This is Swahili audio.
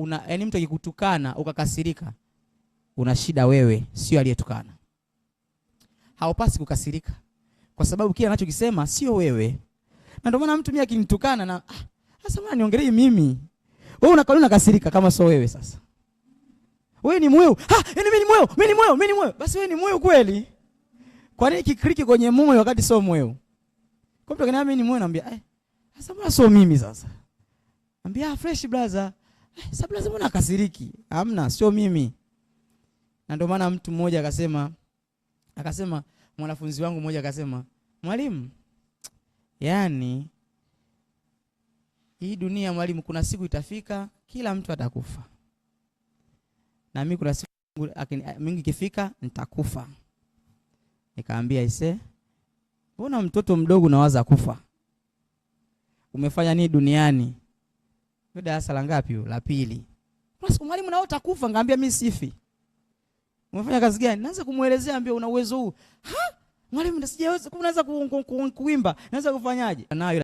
una yani, mtu akikutukana ukakasirika, una shida wewe, sio aliyetukana. Haupasi kukasirika, kwa sababu kile anachokisema sio wewe. Na ndio maana mtu mimi akinitukana na ah, sasa, mbona niongelee mimi? Wewe unakaa unakasirika kama sio wewe. Sasa wewe ni mwewe, ha, ah, yani mimi ni mwewe, mimi ni mwewe, mimi ni mwewe. Basi wewe ni mwewe kweli? Kwa nini kikriki kwenye moyo wakati sio mwewe? Kwa mtu akiniambia mimi ni mwewe, naambia eh, sasa mbona sio mimi sasa? Ambia ah, fresh brother sababu lazima unakasiriki. Hamna, sio mimi. Na ndio maana mtu mmoja akasema akasema mwanafunzi wangu mmoja akasema, mwalimu, yani hii dunia mwalimu, kuna siku itafika kila mtu atakufa, na mimi kuna siku eh, mingi ikifika nitakufa. Nikaambia ise, mbona mtoto mdogo nawaza kufa? Umefanya nini duniani? Ndio darasa la ngapi? La pili. Basi mwalimu, nao kufa Ngambia mimi sifi. Umefanya kazi gani? Naanza kumuelezea, ambia una uwezo huu. Ha? Mwalimu, sijaweza, naweza kuimba, naweza kufanyaje? Nayo